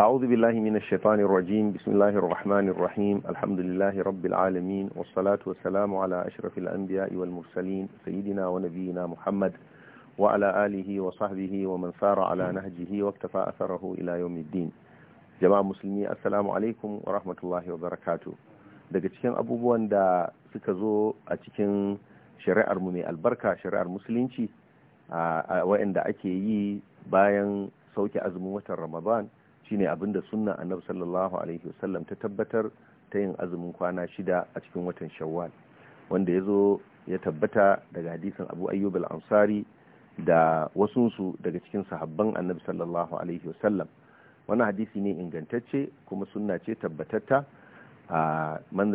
أعوذ بالله من الشيطان الرجيم بسم الله الرحمن الرحيم الحمد لله رب العالمين والصلاة والسلام على أشرف الأنبياء والمرسلين سيدنا ونبينا محمد وعلى آله وصحبه ومن سار على نهجه واكتفى أثره إلى يوم الدين جماعة مسلمي السلام عليكم ورحمة الله وبركاته daga cikin abubuwan da suka zo a cikin shari'ar mu mai albarka shari'ar musulunci a wa'anda ake yi bayan sauke azumin watan ramadan shine da sunna annabi sallallahu alaihi wasallam ta tabbatar ta yin azumin kwana shida a cikin watan shawwal wanda ya zo ya tabbata daga hadisin abu ayyub al-ansari da wasunsu daga cikin sahabban annabi sallallahu alaihi wasallam wannan hadisi ne ingantacce kuma sunna ce tabbatatta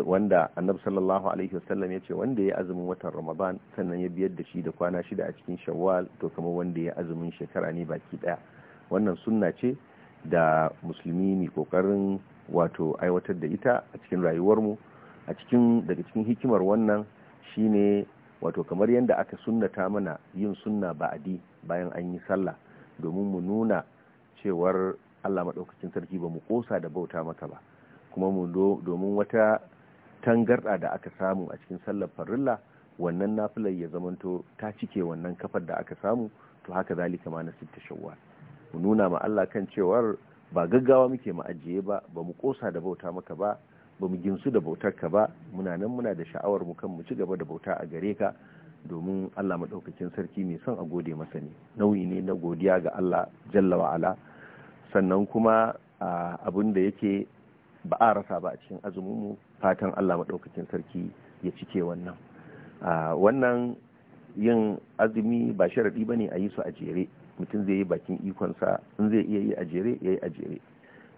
wanda annabi sallallahu alaihi wasallam ya ce wanda ya azumin watan ramadan sannan ya biyar da shi da kwana shida a cikin shawwal to kamar wanda ya azumin shekara ne baki daya wannan sunna ce da musulmi ne kokarin wato aiwatar da ita a cikin rayuwarmu a cikin daga cikin hikimar wannan shine wato kamar yadda aka sunnata mana yin sunna ba'adi bayan an yi sallah domin mu nuna cewar Allah maɗaukacin sarki ba mu ƙosa da bauta maka ba kuma mu domin wata tangarɗa da aka samu a cikin sallar farilla wannan nafilar ya zamanto ta cike wannan kafar da aka samu to haka zalika ma na sitta shawwal mu nuna ma Allah kan cewar ba gaggawa muke mu ajiye ba ba mu kosa da bauta maka ba ba mu ginsu da bautar ka ba muna nan muna da sha'awar mu kan mu ci gaba da bauta a gare ka domin Allah madaukakin sarki mai son a gode masa ne nauyi ne na godiya ga Allah jalla wa ala sannan kuma abin da yake ba a rasa ba a cikin azumin mu fatan Allah madaukakin sarki ya cike wannan wannan yin azumi ba sharadi bane a yi su a jere mutum zai yi bakin ikonsa in zai iya yi a jere ya yi a jere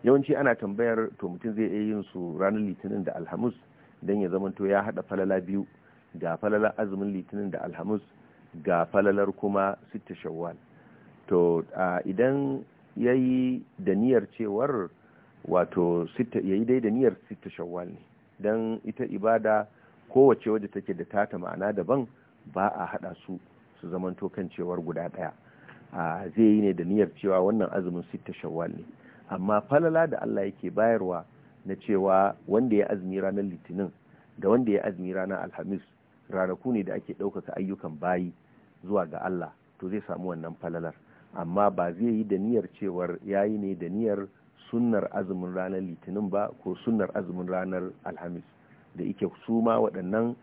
yawanci ana tambayar to mutum zai iya yin su ranar litinin da alhamus don ya zamanto ya hada falala biyu ga falalar azumin litinin da alhamus ga falalar kuma sita shawwal to idan ya yi da niyyar cewar wato ya yi dai da niyar sita shawwal ne don ita ibada kowace wadda take da tata ma'ana daban ba a hada su su zamanto kan cewar guda daya. zai yi ne da niyyar cewa wannan azumin sita shawwal ne amma falala da Allah yake bayarwa na cewa wanda ya azumi ranar litinin da wanda ya azumi ranar alhamis ranaku ne da ake ɗaukaka ayyukan bayi zuwa ga Allah to zai samu wannan falalar amma ba zai yi da niyyar cewar ya yi ne da niyyar sunnar azumin ranar litinin ba ko sunnar azumin ranar alhamis da ike su ma waɗannan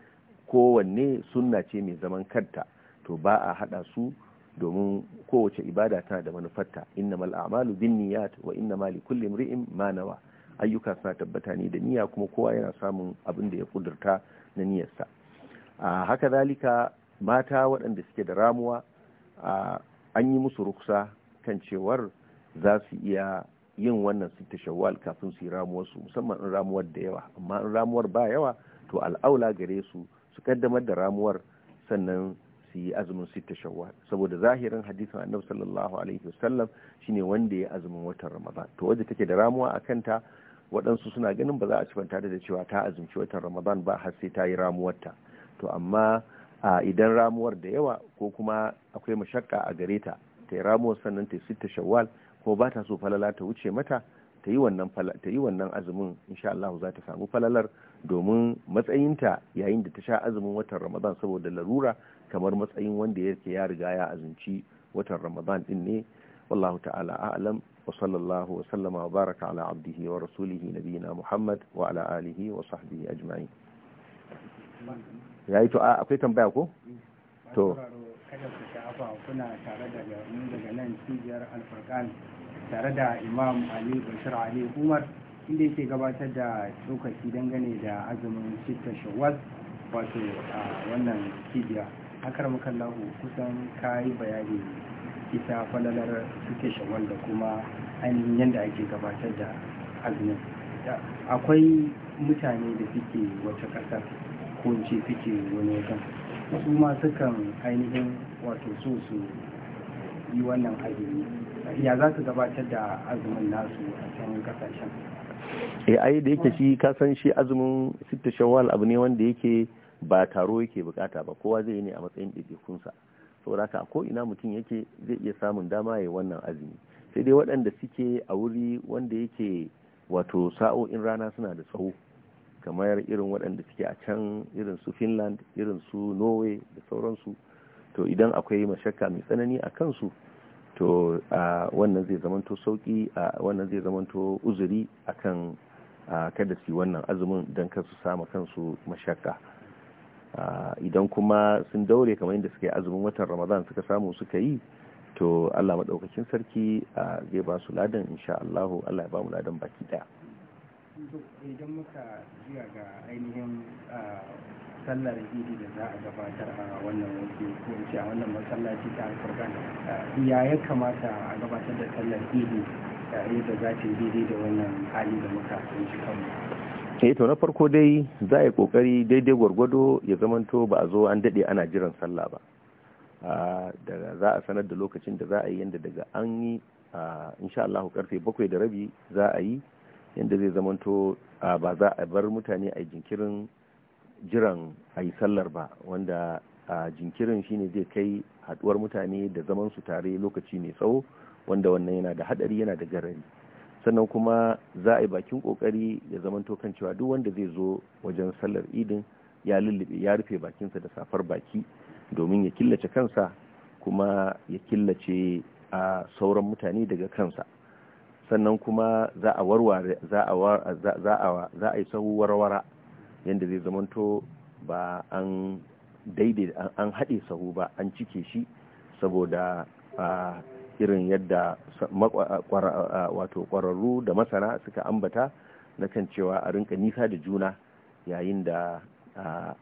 kowanne sunna ce mai zaman kanta to ba a haɗa su domin kowace ibada tana da manufarta mal a'malu binniyat wa mali kulli imri'in ma nawa ayyuka suna tabbata ni da niyya kuma kowa yana samun abin da ya kudurta na niyyarsa a haka zalika mata waɗanda suke da ramuwa an yi musu ruksa kan cewar za su iya yin wannan su shawwal kafin su yi ramuwarsu musamman in ramuwar da yawa amma in ramuwar ba yawa to al'aula gare su su kaddamar da ramuwar sannan su yi azumin sita shawwal saboda zahirin hadisin annabi sallallahu alaihi wasallam shine wanda ya azumin watan ramadan to waje take da ramuwa a kanta waɗansu suna ganin ba za a cibanta da cewa ta azumci watan ramadan ba har sai ta yi ramuwarta to amma a idan ramuwar da yawa ko kuma akwai mashakka a gare ta ta yi ramuwar sannan ta yi sita shawwal ko ba ta so falala ta wuce mata ta yi wannan ta yi wannan azumin insha Allah za ta samu falalar domin matsayinta yayin da ta sha azumin watan Ramadan saboda larura kamar matsayin wanda yake ya riga ya azunci watan ramadan din ne wallahu ta'ala a'lam wa sallallahu wa sallama wa baraka ala abdihi wa rasulihi nabiyina muhammad wa ala alihi wa sahbihi ajma'in yayi to akwai tambaya ko to kuna tare da daga nan cibiyar alfarkan tare da imam ali bashir ali umar inda yake gabatar da tsokaci dangane da azumin shittar shawwal wato a wannan cibiya akar makallahu kusan kayi bayani ita falalar suke shawar da kuma ainihin yadda ake gabatar da azumin akwai mutane da suke wata ƙasar ko ce suke wani wajen su ma sukan ainihin wato so su yi wannan azumi ya za su gabatar da azumin nasu a can kasashen eh, ai da yake shi kasan shi azumin sitta shawwal abu ne wanda yake ba taro yake bukata ba kowa zai yi ne a matsayin ɗaiɗaikunsa saboda haka ko ina mutum yake zai iya samun dama ya wannan azumi sai dai waɗanda suke a wuri wanda yake wato sa'o'in rana suna da tsawo kamar irin waɗanda suke a can irin su finland irin su norway da sauransu to idan akwai mashakka mai tsanani a kansu to wannan zai zamanto sauki wannan zai zamanto uzuri akan kada su yi wannan azumin don kar su sama kansu mashakka idan kuma sun daure kamar yadda suka yi azumin watan ramadan suka samu suka yi to Allah maɗaukakin sarki zai ba su ladan insha Allah Allah ya ba mu ladan baki daya idan muka jiya ga ainihin sallar idi da za a gabatar a wannan waje ko a wannan masallaci ta alfurkan ya ya kamata a gabatar da sallar idi da za ta yi daidai da wannan hali da muka tsinci kanmu eh to na farko dai za a yi kokari daidai gwargwado ya zamanto ba a zo an daɗe ana jiran sallah ba daga za a sanar da lokacin da za a yi yadda daga an yi insha Allah karfe bakwai da rabi za a yi yadda zai zamanto ba za a bar mutane a jinkirin jiran a yi sallar ba wanda jinkirin shine zai kai haduwar mutane da zaman su tare lokaci mai tsawo wanda wannan yana da hadari yana da garari sannan kuma za a yi bakin kokari ya zamanto kan cewa duk wanda zai zo wajen sallar idin ya lullube ya rufe bakinsa da safar baki domin ya killace kansa kuma ya killace a sauran mutane daga kansa sannan kuma za a warware za a za a yi sahu warwara yadda zai zamanto ba an daidai an haɗe sahu ba an cike shi saboda irin yadda wato ƙwararru da masana suka ambata na kan cewa a rinka nisa da juna yayin da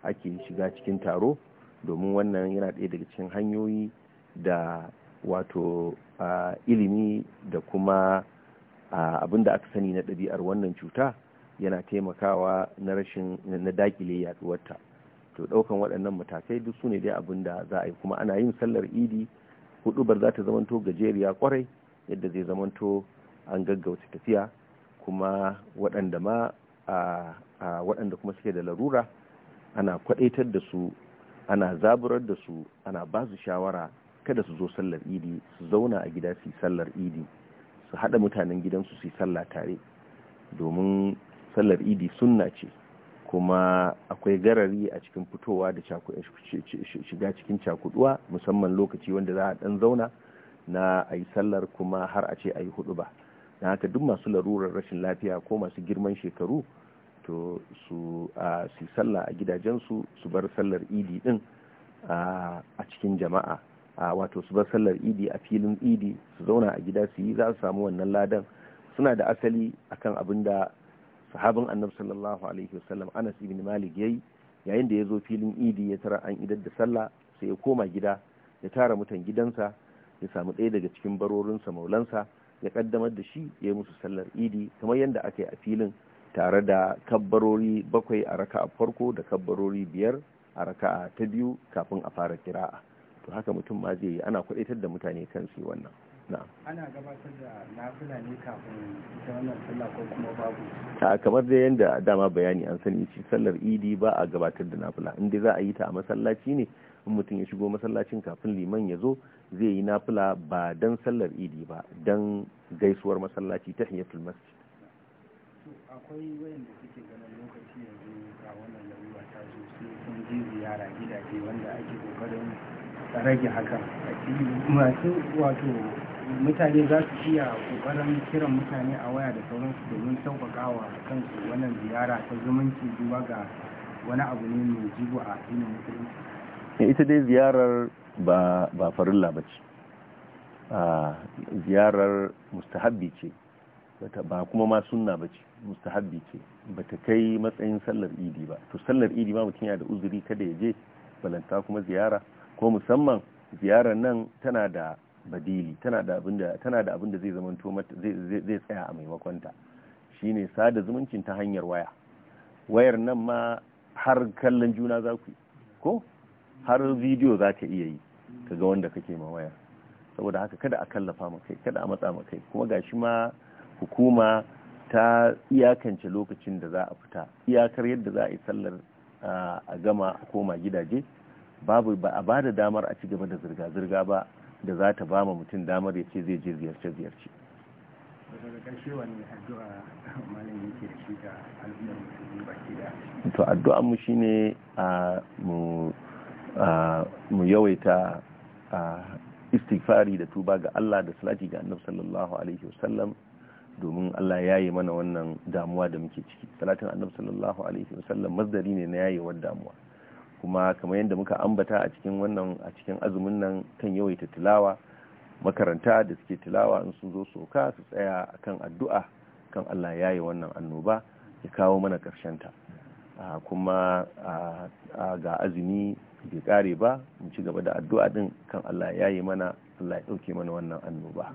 ake shiga cikin taro domin wannan yana ɗaya daga cikin hanyoyi da wato ilimi da kuma abin da aka sani na ɗabi'ar wannan cuta yana taimakawa na rashin na dakile yaduwarta to ɗaukan waɗannan matakai duk su ne dai abin da za a yi kuma ana yin sallar idi hudubar za ta zamanto gajeriya kwarai yadda zai zamanto an gaggauta tafiya kuma waɗanda ma a waɗanda kuma suke da larura ana kwaɗaitar da su ana zaburar da su ana ba su shawara kada su zo sallar idi su zauna a gida su sallar idi su haɗa mutanen gidansu su yi sallah tare domin sallar idi sunna ce kuma akwai garari a cikin fitowa da eh, shiga cikin cakuduwa musamman lokaci wanda za a dan zauna na a yi sallar kuma har a ce a yi hudu ba na haka duk masu larurar rashin lafiya ko masu girman shekaru to su a su sallah a gidajensu su bar sallar idi din a cikin jama'a wato su bar sallar idi a filin idi su zauna a gida su yi za su samu wannan ladan suna da asali akan abin da sahabin annabi sallallahu alaihi wasallam anas ibn malik yayi yayin da ya zo filin idi ya tara an idar da sallah sai ya koma gida ya tara mutan gidansa ya samu ɗaya daga cikin barorinsa maulansa ya kaddamar da shi ya yi musu sallar idi kamar yadda aka yi a filin tare da kabbarori bakwai a raka'a farko da kabbarori biyar a raka'a ta biyu kafin a fara kira'a to haka mutum ma zai yi ana kwadaitar da mutane kan su wannan ana gabatar da nafila ne kafin ita wannan sallah ko kuma babu a kamar da yanda dama bayani an sani ci sallar idi ba a gabatar da nafila inda za a yi ta a masallaci ne in mutum ya shigo masallacin kafin liman ya zo zai yi nafila ba dan sallar idi ba dan gaisuwar masallaci ta hanyar masjid akwai wayanda suke ganin lokaci yanzu ga wannan larura ta zo sun je ziyara gidaje wanda ake kokarin rage hakan masu wato mutane za su iya kokarin kiran mutane a waya da sauransu domin sauƙaƙa wa kansu wannan ziyara ta zumunci duba ga wani abu ne mai jigo a ainihin musulunci ita dai ziyarar ba ba farilla ba ce ziyarar mustahabbi ce ba kuma ma sunna ba ce mustahabbi ce ba ta kai matsayin sallar idi ba to sallar idi ma mutum yana da uzuri kada ya je balanta kuma ziyara ko musamman ziyarar nan tana da badili tana da abin da zai zama zai tsaya a maimakonta shine sada zumuncin ta hanyar waya wayar nan ma har kallon juna za ku ko har bidiyo za ta iya yi ka wanda kake ma waya saboda haka kada a kallafa ma kai kada a matsa ma kai kuma gashi ma hukuma ta iyakance lokacin da za a fita iyakar yadda za a yi sallar a gama koma gidaje babu ba a bada damar a ci gaba da zirga-zirga ba da za ta ba mutum damar ya ce zai je ziyarce-ziyarce to addu'a mu shine a mu yawaita istighfari da tuba ga Allah da salati ga Annabi sallallahu alaihi wasallam domin Allah ya yi mana wannan damuwa da muke ciki salatin Annabi sallallahu alaihi wasallam masdari ne na yayewar damuwa kuma kamar yadda muka ambata a cikin wannan a cikin azumin nan kan yawaita tilawa makaranta da suke tilawa in sun zo soka su tsaya akan addu'a kan Allah ya yi wannan annoba ya kawo mana ƙarshen ta kuma ga azumi bai ƙare ba mu ci gaba da addu'a din kan Allah ya yi mana Allah ya ɗauke mana wannan annoba